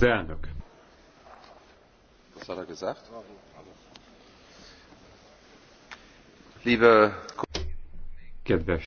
Az elnök. Er Liebe Kedves